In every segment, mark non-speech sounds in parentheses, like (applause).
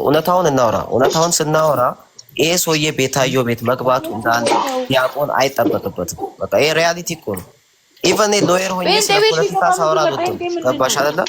እውነታውን እናውራ። እውነታውን ስናወራ ይሄ ሰውዬ ቤታዮ ቤት መግባቱ እንዳንድ ዲያቆን አይጠበቅበትም። በቃ ይሄ ሪያሊቲ እኮ ነው። ኢቨን ሎየር ሆኜ ስለፖለቲካ ሳወራ ገባሽ አይደለም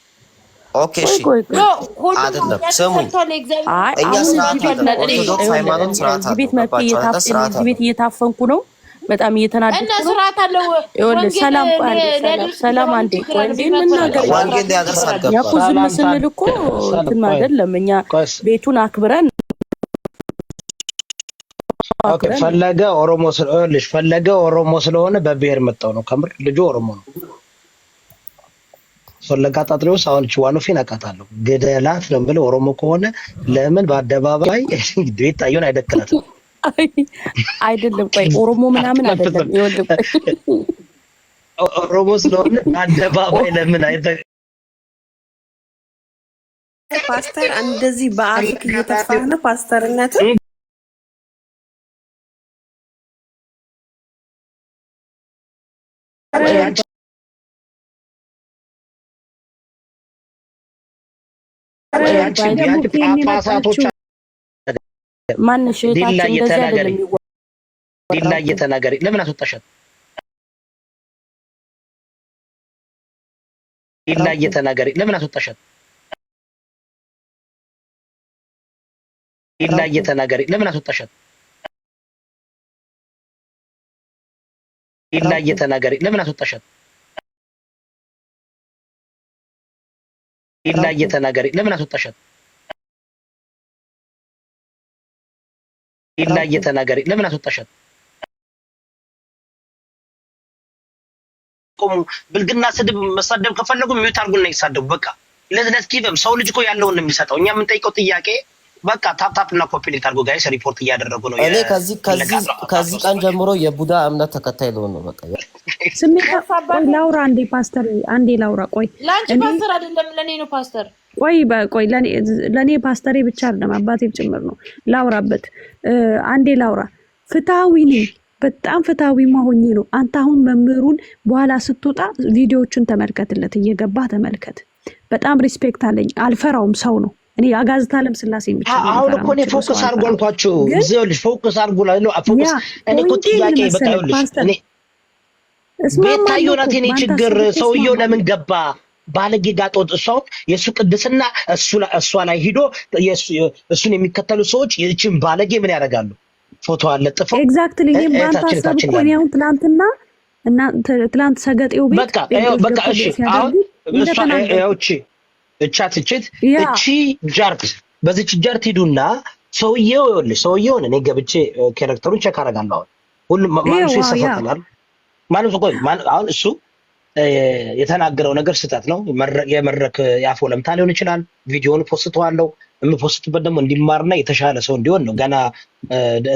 ኦኬ እሺ፣ አይደለም ስሙኝ፣ እኛ ስርዓት ኦርቶዶክስ ሃይማኖት ስርዓት አለው። ቤት እየታፈንኩ ነው፣ በጣም እየተናደድኩ ነው። አለው። ሰላም ሰላም፣ ዝም ስንል እኮ እንትን አይደለም። እኛ ቤቱን አክብረን ፈለገ ኦሮሞ ስለሆነ በብሔር መጣው ነው። ከምር ልጁ ኦሮሞ ነው። ሶለጋ ጣጥሪዎስ አሁን ዋኖፌን አውቃታለሁ ግደላት ነው የምልህ። ኦሮሞ ከሆነ ለምን በአደባባይ ቤታየን አይደክላትም? አይደለም ቆይ ኦሮሞ ምናምን አይደለም ይወልቅ ኦሮሞ ስለሆነ በአደባባይ ለምን አይደ ፓስተር እንደዚህ በአፍክ እየተፋህ ፓስተርነት አንቺ ቢያንስ ጳጳሳቶች ማንሽ ዲላ እየተናገሪ ዲላ እየተናገሪ ለምን አስወጣሻት? ዲላ እየተናገሪ ለምን አስወጣሻት? ዲላ እየተናገሪ ለምን አስወጣሻት? ዲላ እየተናገሪ ለምን አስወጣሻት? ይላየ ተናገሪ። ለምን አስወጣሻት? ይላየ ተናገሪ። ለምን አስወጣሻት? ቆሙ። ብልግና ስድብ መሳደብ ከፈለጉ ሚዩት አድርጉና ይሳደቡ። በቃ ለዚህ ለዚህ ሰው ልጅ እኮ ያለውን ነው የሚሰጠው። እኛ የምንጠይቀው ጥያቄ በቃ ታፕታፕ ታፕ እና ኮፒሌት አድርጎ ጋይስ ሪፖርት እያደረጉ ነው። እኔ ከዚህ ከዚህ ቀን ጀምሮ የቡዳ እምነት ተከታይ ልሆን ነው። በቃ ስሜት ከፋባት ላውራ። አንዴ ፓስተር፣ አንዴ ላውራ። ቆይ ለአንቺ ፓስተር አይደለም ለእኔ ነው ፓስተር። ቆይ ቆይ ለእኔ ፓስተሬ ብቻ አይደለም አባቴም ጭምር ነው። ላውራበት አንዴ ላውራ። ፍትሐዊ ነኝ በጣም ፍትሐዊ መሆኜ ነው። አንተ አሁን መምህሩን በኋላ ስትወጣ ቪዲዮዎቹን ተመልከትለት፣ እየገባ ተመልከት። በጣም ሪስፔክት አለኝ። አልፈራውም፣ ሰው ነው እኔ አጋዝታ ዓለም ስላሴ የሚችል አሁን እኮ እኔ ፎከስ አድርጎ አልኳችሁ። ይኸውልሽ ፎከስ አድርጎ ፎከስ እኔ እኮ ጥያቄ ቤታዮ ናት የኔ ችግር። ሰውየው ለምን ገባ? ባለጌ ጋጦጥ እሷውም የእሱ ቅድስና እሷ ላይ ሂዶ እሱን የሚከተሉ ሰዎች ይችን ባለጌ ምን ያደርጋሉ? ፎቶ አለጥፈው ኤግዛክትሊ። ይህም በአንተ ሀሳብ እኮ እኔ አሁን ሰገጤው ቤት በቃ በቃ እሺ አሁን እሷ ይኸው እቺ እቻ ትችት እቺ ጃርት በዚች ጃርት ሂዱና ሰውየው ይኸውልሽ፣ ሰውየውን እኔ ገብቼ ካራክተሩን ቼክ አደርጋለሁ። አሁን ሁሉም ማንሱ ይሰፈተናል። ማንሱ ቆይ አሁን እሱ የተናገረው ነገር ስህተት ነው። የመድረክ የአፎ ለምታ ሊሆን ይችላል። ቪዲዮውን ፖስተዋለሁ። የምፖስትበት ደግሞ እንዲማርና የተሻለ ሰው እንዲሆን ነው። ገና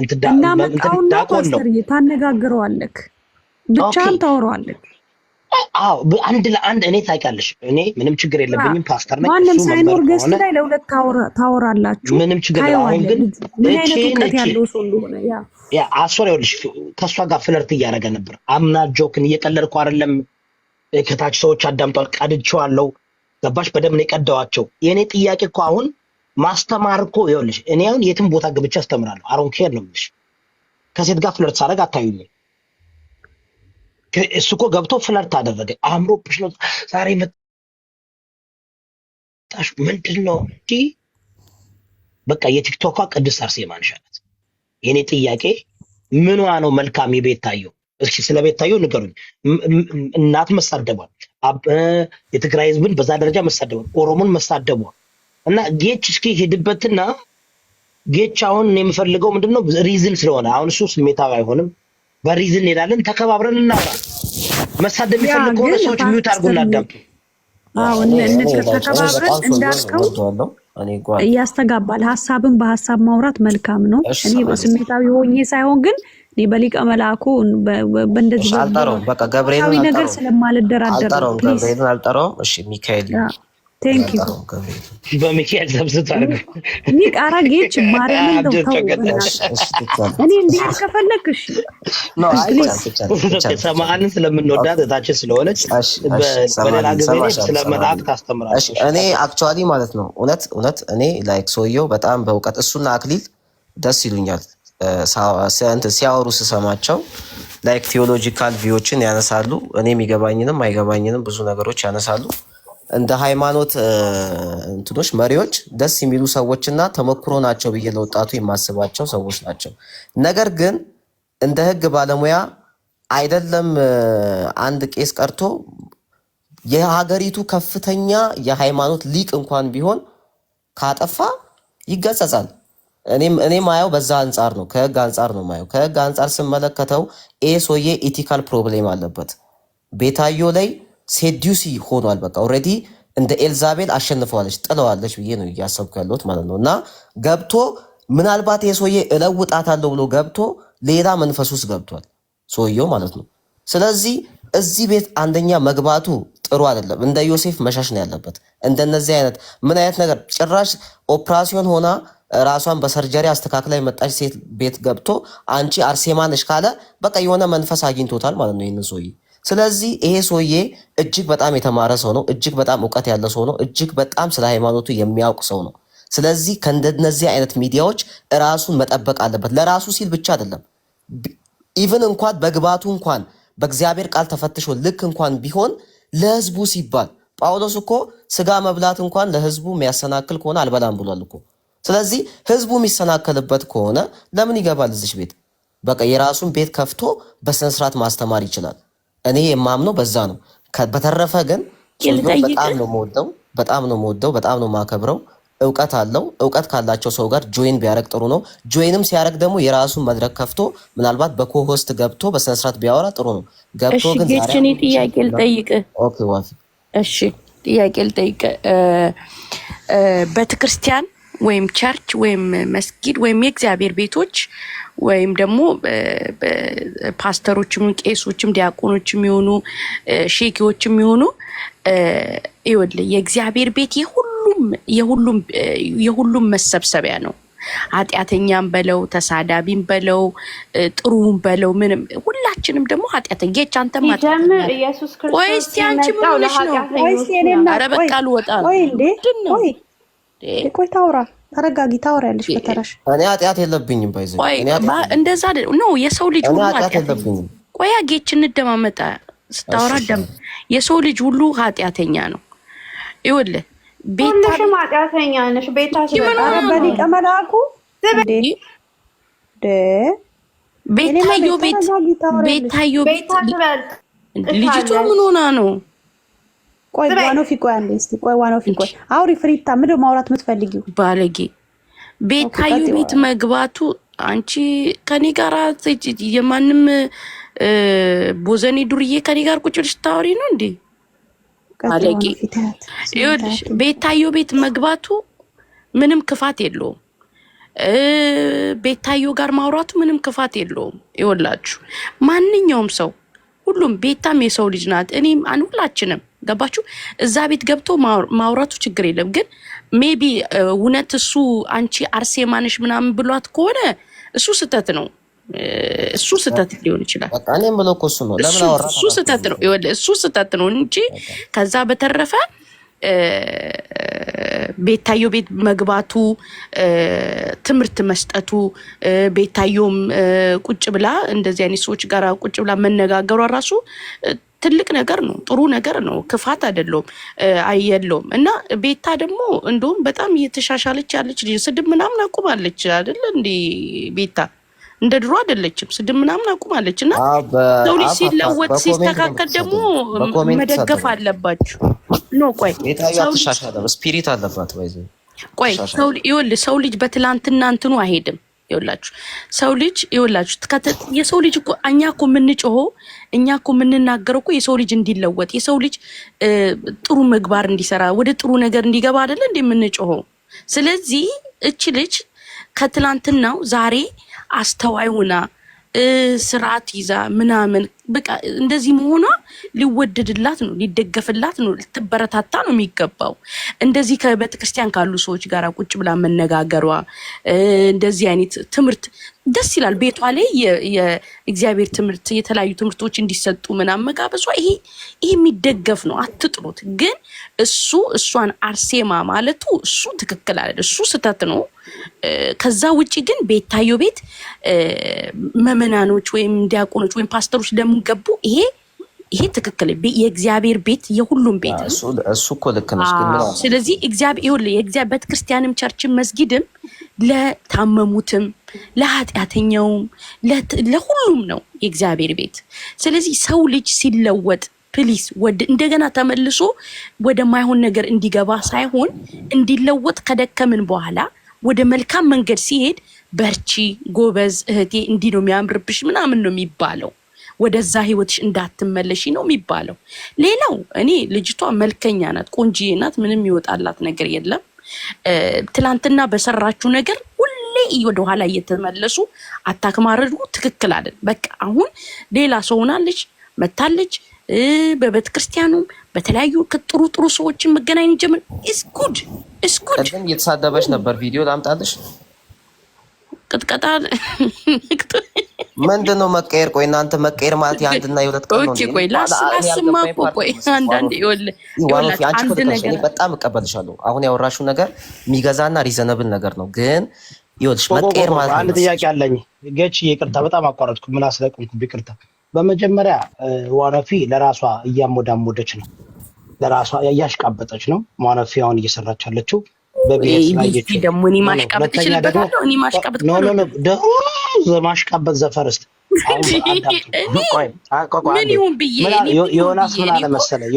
እንትዳቆን ነው። ታነጋግረዋለክ፣ ብቻን ታወራዋለክ አዎ አንድ ለአንድ እኔ ታውቂያለሽ፣ እኔ ምንም ችግር የለብኝም። ፓስተር ነኝ። ማንም ሳይኖር ገስ ላይ ለሁለት ታወራላችሁ፣ ምንም ችግር አሁን ግን ምን አይነት እውቀት ያለው ሰው እንደሆነ ያ አሶር ይኸውልሽ፣ ከእሷ ጋር ፍለርት እያደረገ ነበር። አምና ጆክን እየቀለድኩ አይደለም፣ ከታች ሰዎች አዳምጧል፣ ቀድቼዋለሁ። ገባሽ? በደምብ ነው የቀዳዋቸው። የእኔ ጥያቄ እኮ አሁን ማስተማር እኮ ይኸውልሽ፣ እኔ አሁን የትም ቦታ ግብቼ አስተምራለሁ። አሮን ኬር ነው የምልሽ። ከሴት ጋር ፍለርት ሳደርግ አታዩኝም እሱ እኮ ገብቶ ፍለርት አደረገ። አእምሮብሽ ነው ዛሬ መጣሽ ምንድን ነው እንዲ? በቃ የቲክቶኳ ቅድስት አርሴማ ነሽ የኔ ጥያቄ ምኗ ነው መልካም የቤታየው? እስኪ ስለ ቤታየው ንገሩኝ። እናት መሳደቧል፣ የትግራይ ህዝብን በዛ ደረጃ መሳደቧል፣ ኦሮሞን መሳደቧል። እና ጌች እስኪ ሄድበትና ጌች አሁን የምፈልገው ምንድነው ሪዝን ስለሆነ አሁን እሱ ስሜታዊ አይሆንም። በሪዝን እንሄዳለን። ተከባብረን እናውራ። መሳደብ የሚፈልግ ከሆነ ሰዎች ሚዩት አድርጎ እናዳምጡ። ተከባብረን እንዳልከው እያስተጋባል ሀሳብን በሀሳብ ማውራት መልካም ነው። እኔ ስሜታዊ ሆኜ ሳይሆን ግን እኔ በሊቀ መልአኩ በእንደዚህ ነገር ስለማልደራደር አልጠራውም። ገብርኤልን አልጠራውም። እሺ ሚካኤል በሚካኤል ሰብስት አረ ጌች እኔ ከፈለግሽ ስለምንወዳት ስለሆነች በሌላ ጊዜ ታስተምራለች። እኔ አክቹዋሊ ማለት ነው እውነት እውነት እኔ ላይክ ሰውየው በጣም በእውቀት እሱና አክሊል ደስ ይሉኛል ሲያወሩ ስሰማቸው ላይክ ቴዎሎጂካል ቪዎችን ያነሳሉ። እኔ የሚገባኝንም አይገባኝንም ብዙ ነገሮች ያነሳሉ። እንደ ሃይማኖት እንትኖች መሪዎች ደስ የሚሉ ሰዎችና ተሞክሮ ናቸው ብዬ ለወጣቱ የማስባቸው ሰዎች ናቸው። ነገር ግን እንደ ህግ ባለሙያ አይደለም አንድ ቄስ ቀርቶ የሀገሪቱ ከፍተኛ የሃይማኖት ሊቅ እንኳን ቢሆን ካጠፋ ይገሰጻል። እኔ ማየው በዛ አንጻር ነው፣ ከህግ አንጻር ነው ማየው። ከህግ አንጻር ስመለከተው ኤ ሶዬ ኢቲካል ፕሮብሌም አለበት ቤታዮ ላይ ሴዲዩሲ ሆኗል። በቃ ኦልሬዲ እንደ ኤልዛቤል አሸንፈዋለች፣ ጥለዋለች ብዬ ነው እያሰብኩ ያለሁት ማለት ነው። እና ገብቶ ምናልባት የሰውዬ እለውጣታለሁ ብሎ ገብቶ ሌላ መንፈስ ውስጥ ገብቷል ሰውየው ማለት ነው። ስለዚህ እዚህ ቤት አንደኛ መግባቱ ጥሩ አይደለም። እንደ ዮሴፍ መሻሽ ነው ያለበት። እንደነዚህ አይነት ምን አይነት ነገር ጭራሽ ኦፕራሲዮን ሆና ራሷን በሰርጀሪ አስተካክላ የመጣች ሴት ቤት ገብቶ አንቺ አርሴማ ነሽ ካለ በቃ የሆነ መንፈስ አግኝቶታል ማለት ነው ይህንን ሰውዬ ስለዚህ ይሄ ሰውዬ እጅግ በጣም የተማረ ሰው ነው። እጅግ በጣም እውቀት ያለ ሰው ነው። እጅግ በጣም ስለ ሃይማኖቱ የሚያውቅ ሰው ነው። ስለዚህ ከእንደነዚህ አይነት ሚዲያዎች ራሱን መጠበቅ አለበት። ለራሱ ሲል ብቻ አይደለም። ኢቭን እንኳን በግባቱ እንኳን በእግዚአብሔር ቃል ተፈትሾ ልክ እንኳን ቢሆን ለህዝቡ ሲባል ጳውሎስ እኮ ስጋ መብላት እንኳን ለህዝቡ የሚያሰናክል ከሆነ አልበላም ብሏል እኮ። ስለዚህ ህዝቡ የሚሰናከልበት ከሆነ ለምን ይገባል እዚች ቤት? በቃ የራሱን ቤት ከፍቶ በስነስርዓት ማስተማር ይችላል። እኔ የማምነው በዛ ነው። በተረፈ ግን በጣም ነው የምወደው፣ በጣም ነው የምወደው፣ በጣም ነው የማከብረው። እውቀት አለው። እውቀት ካላቸው ሰው ጋር ጆይን ቢያደርግ ጥሩ ነው። ጆይንም ሲያደርግ ደግሞ የራሱን መድረክ ከፍቶ ምናልባት በኮሆስት ገብቶ በስነስርዓት ቢያወራ ጥሩ ነው። ገብቶ ግን ዛሬ ጥያቄ እሺ ጥያቄ ቤተክርስቲያን ወይም ቸርች ወይም መስጊድ ወይም የእግዚአብሔር ቤቶች ወይም ደግሞ ፓስተሮችም ቄሶችም ዲያቆኖችም የሆኑ ሼኪዎችም የሆኑ ይኸውልህ የእግዚአብሔር ቤት የሁሉም የሁሉም የሁሉም መሰብሰቢያ ነው። ኃጢአተኛም በለው ተሳዳቢም በለው ጥሩም በለው ምንም ሁላችንም ደግሞ ኃጢአተኛ ጌች አንተ ኢየሱስ ክርስቶስ ወይስ ያንቺ ምንሽ ነው? ኧረ በቃ ልወጣ ነው። ቆይ ታውራ አረጋጊ ታውራ ያለሽ በተራሽ እኔ ኃጢአት የለብኝም። ባይዘ እንደዛ ነው የሰው ልጅ ቆያ ጌች እንደማመጣ ስታወራ ደም የሰው ልጅ ሁሉ ኃጢአተኛ ነው። ይኸውልህ ቤታሽም ኃጢአተኛ ነሽ። ቤታሽ በሊቀ መልአኩ ቤታዮ ቤት ቤታዮ ቤት ልጅቷ ምን ሆና ነው? ቆይ ዋኖ ፊቆ አንዴ ቆይ ዋኖ ፊቆ አውሪ ፍሪታ። ምንድን ማውራት የምትፈልጊው? ባለጌ ቤታዩ ቤት መግባቱ አንቺ ከኔ ጋር የማንም ቦዘኔ ዱርዬ ከኔ ጋር ቁጭ ብለሽ ታወሪ ነው እንዴ? ባለጌ ይኸውልሽ፣ ቤታዩ ቤት መግባቱ ምንም ክፋት የለውም። ቤታዮ ጋር ማውራቱ ምንም ክፋት የለውም። ይወላችሁ ማንኛውም ሰው ሁሉም ቤታም የሰው ልጅ ናት። እኔም ሁላችንም ገባችሁ? እዛ ቤት ገብቶ ማውራቱ ችግር የለም። ግን ሜቢ እውነት እሱ አንቺ ማነሽ ምናምን ብሏት ከሆነ እሱ ስህተት ነው። እሱ ስህተት ሊሆን ይችላል። እሱ ስህተት ነው። እሱ ስህተት ነው እንጂ ከዛ በተረፈ ቤታየው ቤት መግባቱ ትምህርት መስጠቱ ቤታየውም ቁጭ ብላ እንደዚህ አይነት ሰዎች ጋር ቁጭ ብላ መነጋገሯ ራሱ ትልቅ ነገር ነው፣ ጥሩ ነገር ነው። ክፋት አይደለውም አየለውም። እና ቤታ ደግሞ እንደውም በጣም እየተሻሻለች ያለች ልጅ ስድብ ምናምን አቁማለች አይደለ እንዴ? ቤታ እንደ ድሮ አይደለችም። ስድብ ምናምን አቁማለች። እና ሰው ልጅ ሲለወጥ ሲስተካከል ደግሞ መደገፍ አለባችሁ። ኖ ቆይ ስፒሪት አለባት ቆይ ሰው ይኸውልህ፣ ሰው ልጅ በትላንትና እንትኑ አይሄድም ይኸውላችሁ ሰው ልጅ ይኸውላችሁ የሰው ልጅ እኮ እኛ እኮ የምንጮሆ እኛ እኮ የምንናገረው እኮ የሰው ልጅ እንዲለወጥ የሰው ልጅ ጥሩ ምግባር እንዲሰራ ወደ ጥሩ ነገር እንዲገባ አይደለ እንደ የምንጮሆ። ስለዚህ እች ልጅ ከትላንትናው ዛሬ አስተዋይ ሆና ስርዓት ይዛ ምናምን በቃ እንደዚህ መሆኗ ሊወደድላት ነው፣ ሊደገፍላት ነው፣ ልትበረታታ ነው የሚገባው። እንደዚህ ከቤተክርስቲያን ካሉ ሰዎች ጋር ቁጭ ብላ መነጋገሯ እንደዚህ አይነት ትምህርት ደስ ይላል። ቤቷ ላይ የእግዚአብሔር ትምህርት የተለያዩ ትምህርቶች እንዲሰጡ ምናምን መጋበዟ ይሄ ይሄ የሚደገፍ ነው፣ አትጥሩት። ግን እሱ እሷን አርሴማ ማለቱ እሱ ትክክል አለ፣ እሱ ስህተት ነው። ከዛ ውጭ ግን ቤታዮ ቤት መመናኖች ወይም ዲያቆኖች ወይም ፓስተሮች ለምን ገቡ? ይሄ ይሄ ትክክል የእግዚአብሔር ቤት የሁሉም ቤት እሱ እኮ ልክ ነው። ስለዚህ እግዚአብሔር ቤተክርስቲያንም ቸርችም መስጊድም ለታመሙትም፣ ለኃጢአተኛውም፣ ለሁሉም ነው የእግዚአብሔር ቤት። ስለዚህ ሰው ልጅ ሲለወጥ ፕሊስ እንደገና ተመልሶ ወደማይሆን ነገር እንዲገባ ሳይሆን እንዲለወጥ ከደከምን በኋላ ወደ መልካም መንገድ ሲሄድ በርቺ፣ ጎበዝ እህቴ፣ እንዲህ ነው የሚያምርብሽ ምናምን ነው የሚባለው። ወደዛ ህይወትሽ እንዳትመለሽ ነው የሚባለው። ሌላው እኔ ልጅቷ መልከኛ ናት፣ ቆንጂዬ ናት፣ ምንም ይወጣላት ነገር የለም። ትላንትና በሰራችሁ ነገር ሁሌ ወደኋላ እየተመለሱ አታክ ማድረጉ ትክክል አይደል። በቃ አሁን ሌላ ሰው ሆናለች መታለች። በቤተ ክርስቲያኑ በተለያዩ ጥሩ ጥሩ ሰዎችን መገናኘት ጀምር። ኢስ ጉድ ኢስ እየተሳደበች ነበር። ቪዲዮ ላምጣልሽ። ቅጥቀጣ (laughs) ምንድን ነው መቀየር? ቆይ እናንተ መቀየር ማለት የአንድና የሁለት ቀን ነው። ቆይ ላስማ እኮ ቆይ አንዳንድ አንድ ነገር በጣም እቀበልሻለሁ። አሁን ያወራሽው ነገር የሚገዛና ሪዘነብል ነገር ነው፣ ግን ይወልሽ መቀየር ማለት ነው። አንድ ጥያቄ አለኝ ገች፣ ይቅርታ በጣም አቋረጥኩ፣ ምን አስለቅምኩ፣ ይቅርታ። በመጀመሪያ ዋነፊ ለራሷ እያሞዳሞደች ነው፣ ለራሷ እያሽቃበጠች ነው። ዋነፊ አሁን እየሰራች ያለችው በብሄር ስላየችው ደግሞ እኔ ማሽቃበጥ እችልበታለሁ እኔ ማሽቃበጥ ዘማሽቃበት ዘፈርስት ምን ይሁን ብዬ ዮናስ ምን አለ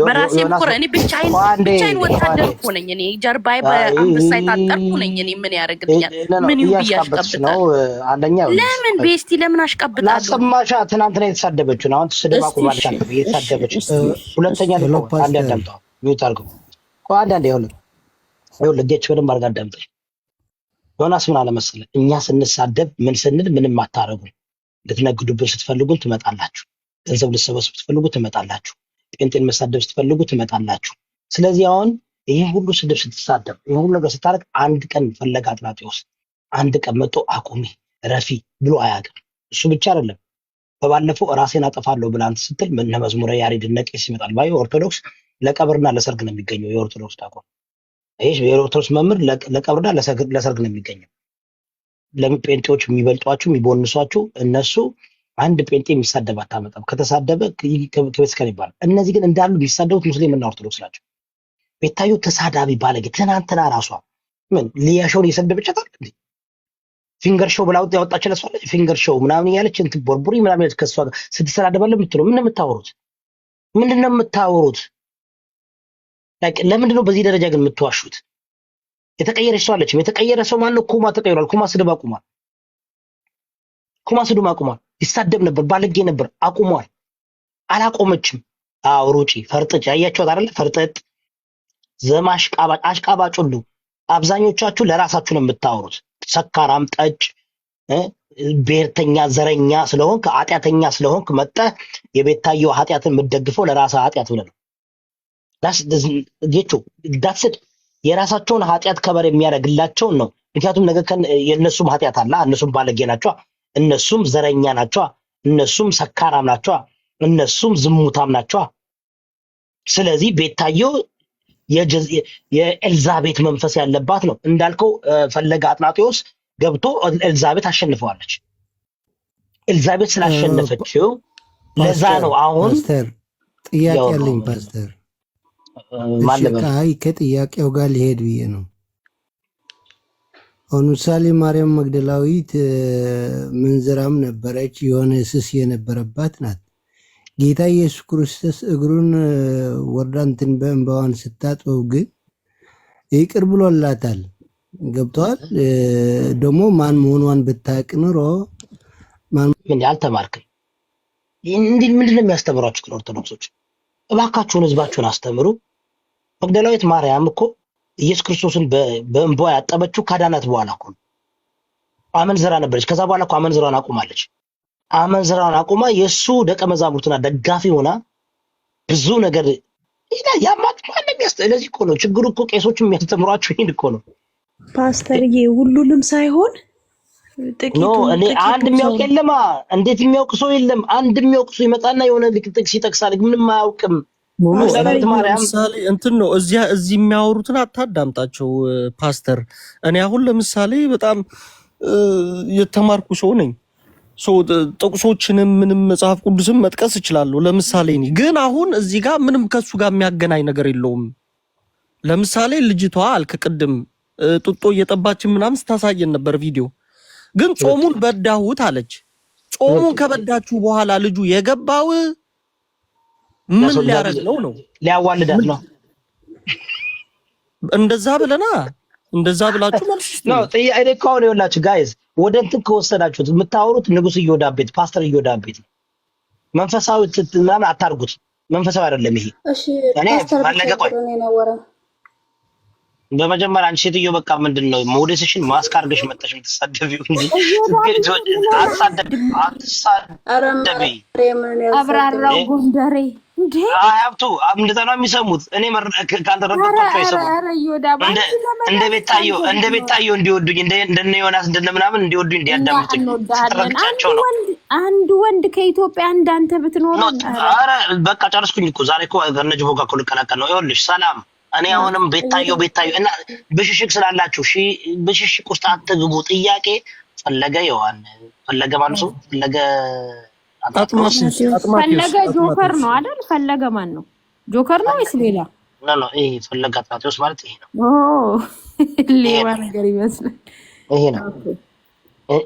በራሴ ምኩር እኔ ብቻዬን ብቻዬን ወታደር እኮ ነኝ። እኔ ጀርባዬ በአንበሳ የታጠርኩ ነኝ። እኔ ምን ያደርግልኛል? ምን ይሁን ብዬ አሽቀብጣለሁ። አንደኛ ለምን ቤስቲ ለምን አሽቀብጣለሁ? ላሰማሻ ትናንትና የተሳደበችውን አሁን የተሳደበች ሁለተኛ አንድ አንዳንድ ልጌች በደንብ አዳምጠኝ ዮናስ ምን አለመሰለ፣ እኛ ስንሳደብ ምን ስንል ምንም አታረጉም። ልትነግዱብን ስትፈልጉን ትመጣላችሁ። ገንዘብ ልትሰበስቡ ስትፈልጉ ትመጣላችሁ። ጴንጤን መሳደብ ስትፈልጉ ትመጣላችሁ። ስለዚህ አሁን ይህን ሁሉ ስድብ ስትሳደብ፣ ይህ ሁሉ ነገር ስታደርግ፣ አንድ ቀን ፈለገ አጥናጤዎስ አንድ ቀን መጦ አቁሜ ረፊ ብሎ አያውቅም። እሱ ብቻ አይደለም። በባለፈው ራሴን አጠፋለሁ ብላንት ስትል ነመዝሙረ መዝሙረ ያሬድ እነ ይመጣል ባይ ኦርቶዶክስ ለቀብርና ለሰርግ ነው የሚገኘው የኦርቶዶክስ ዲያቆን ይህ የኦርቶዶክስ መምህር ለቀብርና ለሰርግ ነው የሚገኘው። ለምን የሚበልጧችሁ የሚቦንሷችሁ? እነሱ አንድ ጴንጤ የሚሳደብ አታመጣም። ከተሳደበ ከቤተክርስቲያን ይባላል። እነዚህ ግን እንዳሉ ሙስሊም እና ኦርቶዶክስ ናቸው። ቤታዮ ተሳዳቢ ባለጌ። ትናንትና ራሷ ምን ሊያሾውን የሰደበቻታል እንዴ ፊንገር ሾው ብላ ያወጣችን ለሷለች ፊንገር ሾው ምናምን ያለች እንትን ቦርቡሪ ምናምን ከሷ ስትሰዳደባለ የምትለው ምን የምታወሩት ምንድን ነው የምታወሩት? ለምንድን ነው በዚህ ደረጃ ግን የምትዋሹት? የተቀየረች ሰው አለችም። የተቀየረ ሰው ማነው? ኩማ ተቀይሯል። ኩማ ስድብ አቁሟል። ኩማ ስድብ አቁሟል። ይሳደብ ነበር፣ ባለጌ ነበር፣ አቁሟል። አላቆመችም። አዎ ሩጪ ፈርጥጭ፣ ያያችኋት አይደለ? ፈርጠጥ ዘማ አሽቃባጭ፣ አሽቃባጭ ሁሉ አብዛኞቻችሁ ለራሳችሁ ነው የምታወሩት። ሰካራም፣ ጠጭ፣ ብሔርተኛ፣ ዘረኛ ስለሆንክ አጢአተኛ ስለሆንክ መጠ የቤታየው ኃጢአትን የምትደግፈው ለራስህ ኃጢአት ብለህ ነው። ጌቾ የራሳቸውን ኃጢአት ከበር የሚያደርግላቸውን ነው። ምክንያቱም ነገ የእነሱም ኃጢአት አላ እነሱም ባለጌ ናቸዋ፣ እነሱም ዘረኛ ናቸዋ፣ እነሱም ሰካራም ናቸዋ፣ እነሱም ዝሙታም ናቸዋ። ስለዚህ ቤታየው የኤልዛቤት መንፈስ ያለባት ነው። እንዳልከው ፈለገ አጥናጢዎስ ገብቶ ኤልዛቤት አሸንፈዋለች። ኤልዛቤት ስላሸነፈችው ለዛ ነው አሁን ጥያቄ ያለኝ ፓስተር ከአይ ከጥያቄው ጋር ሊሄድ ብዬ ነው። አሁን ምሳሌ ማርያም መግደላዊት ምንዝራም ነበረች፣ የሆነ ስስ የነበረባት ናት። ጌታ ኢየሱስ ክርስቶስ እግሩን ወርዳንትን በእንባዋን ስታጥበው ግን ይቅር ብሎላታል። ገብተዋል። ደግሞ ማን መሆኗን ብታቅ ኑሮ አልተማርክም። ምንድን ነው የሚያስተምሯችሁ? ግን ኦርቶዶክሶች እባካችሁን ህዝባችሁን አስተምሩ። መግደላዊት ማርያም እኮ ኢየሱስ ክርስቶስን በእንባ ያጠበችው ካዳናት በኋላ እኮ ነው። አመንዝራ ነበረች። ከዛ በኋላ እኮ አመንዝራን አቁማለች። አመንዝራን አቁማ የእሱ ደቀ መዛሙርትና ደጋፊ ሆና ብዙ ነገር ያማለዚህ እኮ ነው ችግሩ እኮ ቄሶች የሚያስተምሯቸው ይህን እኮ ነው ፓስተርዬ፣ ሁሉንም ሳይሆን እኔ አንድ የሚያውቅ የለማ። እንዴት የሚያውቅ ሰው የለም። አንድ የሚያውቅ ሰው ይመጣና የሆነ ልቅጥቅ ሲጠቅሳል፣ ምንም አያውቅም ሙሉ ለምሳሌ እንትን ነው እዚያ እዚህ የሚያወሩትን አታዳምጣቸው ፓስተር። እኔ አሁን ለምሳሌ በጣም የተማርኩ ሰው ነኝ። ጥቅሶችንም ምንም መጽሐፍ ቅዱስም መጥቀስ እችላለሁ። ለምሳሌ ግን አሁን እዚህ ጋር ምንም ከሱ ጋር የሚያገናኝ ነገር የለውም። ለምሳሌ ልጅቷ አልክ ቅድም ጡጦ እየጠባችን ምናምን ስታሳየን ነበር ቪዲዮ። ግን ጾሙን በዳሁት አለች። ጾሙን ከበዳችሁ በኋላ ልጁ የገባው ምን ሊያረግ ነው ነው ሊያዋልዳት ነው እንደዛ ብለና እንደዛ ብላችሁ መልስ ነው ጥያቄ ከሆነ ይኸውላችሁ ጋይዝ ወደ እንትን ከወሰዳችሁት የምታወሩት ንጉስ እየወዳ ቤት ፓስተር እየወዳ ቤት መንፈሳዊ ምናምን አታርጉት መንፈሳዊ አይደለም ይሄ እኔ ባለቀ ቆይ በመጀመሪያ አንቺ ሴትዮ በቃ ምንድን ነው ሞዴስሽን ማስክ አድርገሽ መጥተሽ የምትሳደቢው እንጂ አትሳደቢ አትሳደቢ አብራራው ጎንደሬ ሀብቱ እንደዛ ነው የሚሰሙት። እኔ ካልተረዳኋቸው አይሰሙም። እንደ ቤታዮ እንደ ቤታዮ እንዲወዱኝ እንደነ ዮናስ እንደነ ምናምን እንዲወዱኝ እንዲያዳምጡኝ አንድ ወንድ ከኢትዮጵያ አንድ አንተ ብትኖር በቃ ጨርስኩኝ እኮ ዛሬ እኮ ከነጅቦ ጋር እኮ ልቀላቀል ነው። ይኸውልሽ ሰላም እኔ አሁንም ቤታዮ ቤታዮ እና ብሽሽቅ ስላላችሁ ብሽሽቅ ውስጥ አትግቡ። ጥያቄ ፈለገ ዮሐን ፈለገ ማንሱ ፈለገ ፈለገ ጆከር ነው አይደል? ፈለገ ማን ነው? ጆከር ነው ወይስ ሌላ? ይሄ ፈለገ አትናቴዎስ ማለት ይሄ ነው። ሌባ ነገር ይመስላል። ይሄ ነው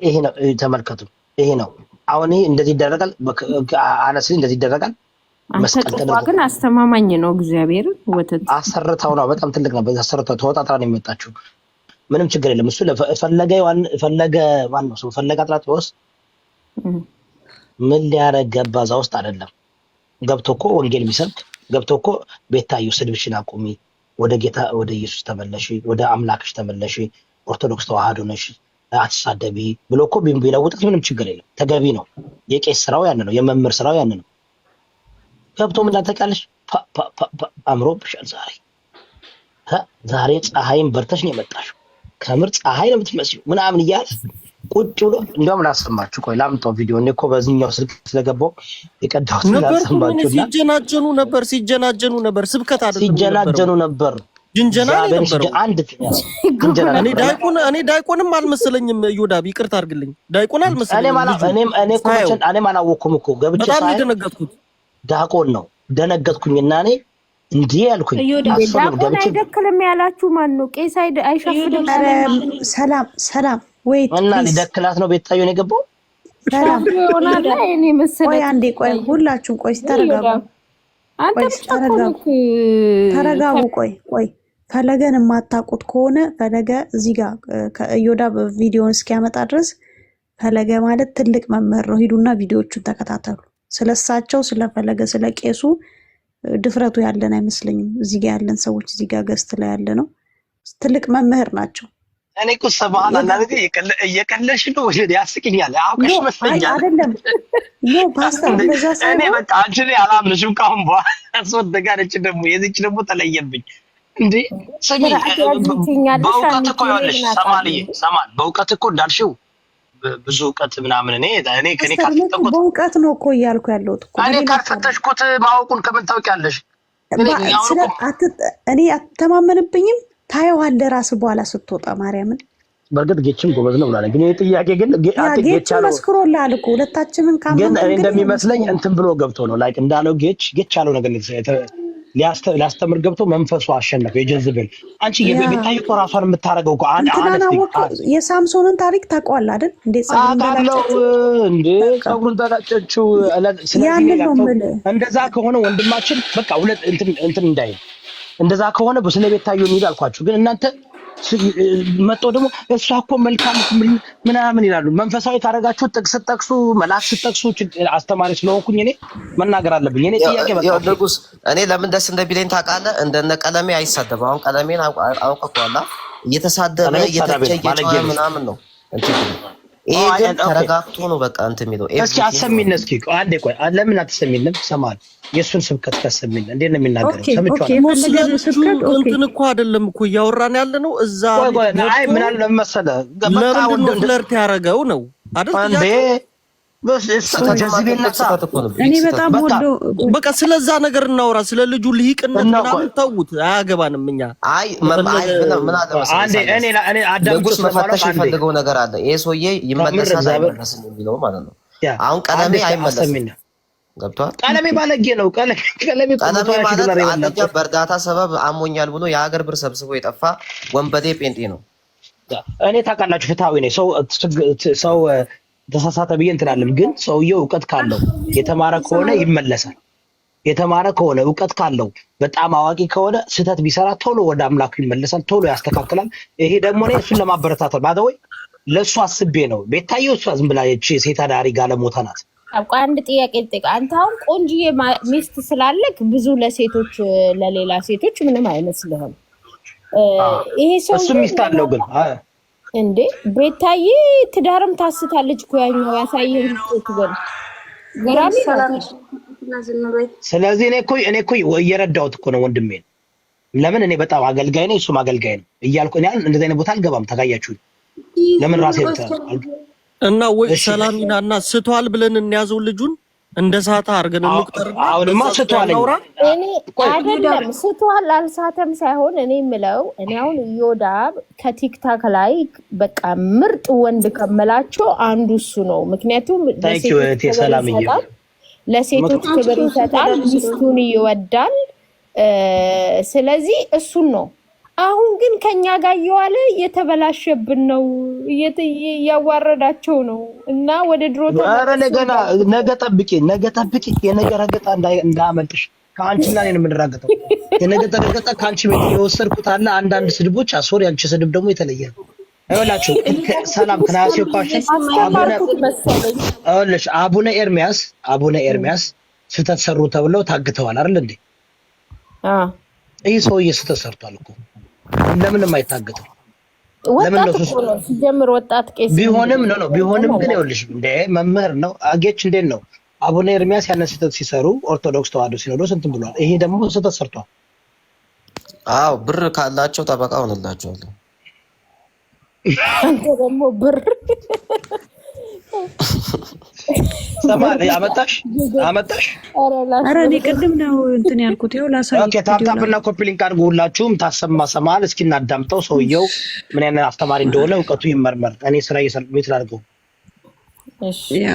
ይሄ ነው። ተመልከቱ፣ ይሄ ነው አሁን። ይሄ እንደዚህ ይደረጋል። አነስ እንደዚህ ይደረጋል። መስቀል ግን አስተማማኝ ነው። እግዚአብሔር ወተት አሰርተው ነው። በጣም ትልቅ ነው። አሰርተው ተወጣጥራ ነው የሚመጣችው። ምንም ችግር የለም። እሱ ፈለገ ፈለገ ማን ነው? ፈለገ አትናቴዎስ ምን ሊያረግ ገባ እዛ ውስጥ አይደለም። ገብቶ እኮ ወንጌል የሚሰብክ ገብቶ እኮ ቤታዮ ስድብሽን አቁሚ፣ ወደ ጌታ ወደ ኢየሱስ ተመለሽ፣ ወደ አምላክሽ ተመለሽ፣ ኦርቶዶክስ ተዋህዶ ነሽ፣ አትሳደቢ ብሎ እኮ ቢለውጠት ምንም ችግር የለም። ተገቢ ነው። የቄስ ስራው ያን ነው። የመምህር ስራው ያን ነው። ገብቶ ምን ላተቃለሽ አምሮብሻል። ዛሬ ዛሬ ፀሐይን በርተሽ ነው የመጣሽው። ከምር ፀሐይ ነው የምትመስሉ ምናምን እያለ ቁጭ ብሎ እንደምን አሰማችሁ? ቆይ ላምጣው ቪዲዮ። እኔ እኮ በዚህኛው ስልክ ስለገባው የቀዳሁት ነበር። ሲጀናጀኑ ነበር፣ ሲጀናጀኑ ነበር። ስብከት አይደለም፣ ሲጀናጀኑ ነበር። ጅንጀና (laughs) ነበር። እኔ ዳይቆንም አልመሰለኝም። ዮዳብ ይቅርታ አድርግልኝ፣ ዳይቆን አልመሰለኝም። እኔም አላወቅኩም እኮ ገብቼ በጣም የደነገጥኩት ዳቆን ነው። ደነገጥኩኝና እኔ እንዲህ ያልኩኝ ዳቆን አይደክልም ያላችሁ ማን ነው? ቄስ አይሸፍድም። ሰላም ሰላም ወይ እና ሊደክላት ነው ቤታየን የገባው ቆይ አንዴ ቆይ ሁላችሁም ቆይ ተረጋጉ ተረጋጉ ቆይ ቆይ ፈለገን የማታውቁት ከሆነ ፈለገ እዚህ ጋር ከእዮዳ ቪዲዮን እስኪያመጣ ድረስ ፈለገ ማለት ትልቅ መምህር ነው ሂዱና ቪዲዮቹን ተከታተሉ ስለሳቸው ስለፈለገ ስለ ቄሱ ድፍረቱ ያለን አይመስለኝም እዚህ ጋር ያለን ሰዎች እዚህ ጋር ገስት ላይ ያለ ነው ትልቅ መምህር ናቸው እኔ እኮ ሰማህን አንዳንድ እየቀለሽ እየቀለድሽ ነው ያስቅኛል። አውቀሽ መስለኛል። እኔ በቃ አንቺ ላይ አላምንሽም ካሁን በኋላ አስወደጋለች። ደግሞ የዚች ደግሞ ተለየብኝ። እንዴ ስሚ፣ በእውቀት እኮ ይኸውልሽ፣ ሰማልዬ ሰማል፣ በእውቀት እኮ እንዳልሽው ብዙ እውቀት ምናምን እኔ እኔ ከኔ ካልፈተኩት በእውቀት ነው እኮ እያልኩ ያለሁት እኮ እኔ ካልፈተሽኩት ማወቁን ከምን ታውቂያለሽ? እኔ አትተማመንብኝም ታየዋለህ ራሱ በኋላ ስትወጣ ማርያምን። በእርግጥ ጌችም ጎበዝ ነው ብላለን፣ ግን ይህ ጥያቄ ግን ጌች መስክሮልሃል እኮ ሁለታችንን ግን እንደሚመስለኝ እንትን ብሎ ገብቶ ነው ላይክ እንዳለው ጌች ጌች ያለው ነገር ሊያስተምር ገብቶ መንፈሱ አሸነፈ። የጀዝብል አንቺ የቤታይ እኮ ራሷን የምታደርገው እኮ የሳምሶንን ታሪክ ታውቀዋለህ አይደል? እንዴ እንዴአቃለው እንዴ ጸጉሩን ተጋጨችው። ስለዚህ እንደዛ ከሆነ ወንድማችን በቃ ሁለት እንትን እንዳይ እንደዛ ከሆነ በስለ ቤታዮ የሚሄድ አልኳችሁ። ግን እናንተ መጦ ደግሞ እሷ እኮ መልካም ምናምን ይላሉ። መንፈሳዊ ካደረጋችሁ ጥቅስ ጠቅሱ፣ መልአክ ስጠቅሱ አስተማሪ ስለሆንኩኝ እኔ መናገር አለብኝ። እኔ ጥያቄ ንጉስ፣ እኔ ለምን ደስ እንደሚለኝ ታውቃለህ? እንደነ ቀለሜ አይሳደብ። አሁን ቀለሜን አውቀ እኮ እየተሳደበ እየተቸየ ምናምን ነው እንትን ይሄ ግን ተረጋግቶ ነው በቃ እንትን የሚለው። እስኪ አሰሚነ እስኪ አንዴ ቆይ፣ ለምን አትሰሚንም? ሰማል የእሱን ስብከት ከሰሚን እንዴት ነው የሚናገረው? ሰምቼዋለሁ። እንትን እኮ አይደለም እኮ እያወራን ያለ ነው እዛ። አይ ምን ለምንድን ነው ፍለርት ያደረገው ነው አይደል? እኔ በጣም በቃ ስለዛ ነገር እናውራ። ስለ ልጁ ልሂቅነት ምናምን ተውት፣ አያገባንም። እኛ ንጉስ መፈተሽ ነገር አለ። ይሄ ሰውዬ ይመለሳል አይመለስም የሚለው ማለት ነው። አሁን ቀለሜ አይመለስም ገብቷል። ቀለሜ ባለጌ ነው። ቀለሜ ማለት አንደኛ በእርዳታ ሰበብ አሞኛል ብሎ የሀገር ብር ሰብስቦ የጠፋ ወንበዴ ጴንጤ ነው። እኔ ታውቃላችሁ፣ ነኝ። ሰው ተሳሳተ ብዬ እንትላለም። ግን ሰውየው እውቀት ካለው የተማረ ከሆነ ይመለሳል። የተማረ ከሆነ እውቀት ካለው በጣም አዋቂ ከሆነ ስህተት ቢሰራ ቶሎ ወደ አምላኩ ይመለሳል፣ ቶሎ ያስተካክላል። ይሄ ደግሞ እኔ እሱን ለማበረታተል ባደ ወይ ለእሱ አስቤ ነው። ቤታየ እሷ ዝም ብላ ሴት አዳሪ ጋለሞታ ናት። አንድ ጥያቄ ጥቅ አንተ አሁን ቆንጅዬ ሚስት ስላለክ ብዙ ለሴቶች ለሌላ ሴቶች ምንም አይነት ስለሆነ ይሄ ሰው እሱ ሚስት አለው ግን እንዴ ቤታዬ ትዳርም ታስታለች እኮ ያኛው ያሳየን ትገል ስለዚህ እኔ እኮ እኔ እኮ እየረዳሁት እኮ ነው ወንድሜ ለምን እኔ በጣም አገልጋይ ነው እሱም አገልጋይ ነው እያልኩ እኔ አሁን እንደዚህ አይነት ቦታ አልገባም። ተጋያችሁ ለምን ራሴ እና ወይ ሰላሚና እና ስቷል ብለን እንያዘው ልጁን እንደ ሳታ አርገን እንቁጠር። አሁንማ ስቷል፣ አይደለም ስቷል፣ አልሳተም ሳይሆን እኔ የምለው እኔ አሁን እዮዳብ ከቲክታክ ላይ በቃ ምርጥ ወንድ ከምላቸው አንዱ እሱ ነው። ምክንያቱም ለሴቶች ክብር ይሰጣል፣ ሚስቱን ይወዳል። ስለዚህ እሱን ነው አሁን ግን ከኛ ጋር እየዋለ እየተበላሸብን ነው፣ እያዋረዳቸው ነው። እና ወደ ድሮ ነገና ነገ ጠብቂ፣ ነገ ጠብቂ። የነገ ረገጣ እንዳመልጥሽ ከአንቺና ነው የምንራገጠው የነገ ረገጣ ከአንቺ ቤት የወሰድኩት አለ። አንዳንድ ስድቦች አሶር፣ ያንቺ ስድብ ደግሞ የተለየ ነው። ይኸውላችሁ ሰላም ክላሴ አቡነ ኤርሚያስ አቡነ ኤርሚያስ ስህተት ሰሩ ተብለው ታግተዋል አይደል እንዴ? ይህ ሰውዬ ስህተት ሰርቷል እኮ ለምንም አይታገጥም። ሲጀምር ወጣት ቄስ ቢሆንም ነው ነው ቢሆንም ግን ይኸውልሽ እንደ መምህር ነው አጌች እንዴት ነው አቡነ ኤርሚያስ ያንን ስህተት ሲሰሩ ኦርቶዶክስ ተዋህዶ ሲኖዶስ እንትን ብሏል። ይሄ ደግሞ ስህተት ሰርቷል። አዎ ብር ካላቸው ጠበቃ ሆንላቸዋለሁ። አንተ ደግሞ ብር ሰማ አመጣሽ አመጣሽ። ኮፒ ሊንክ አድርጉ ሁላችሁም። ታሰማ ሰማል። እስኪ እናዳምጠው። ሰውየው ምን አይነት አስተማሪ እንደሆነ እውቀቱ ይመርመር። እኔ ስራ እየሰራሁ ላድርገው። እሺ ያ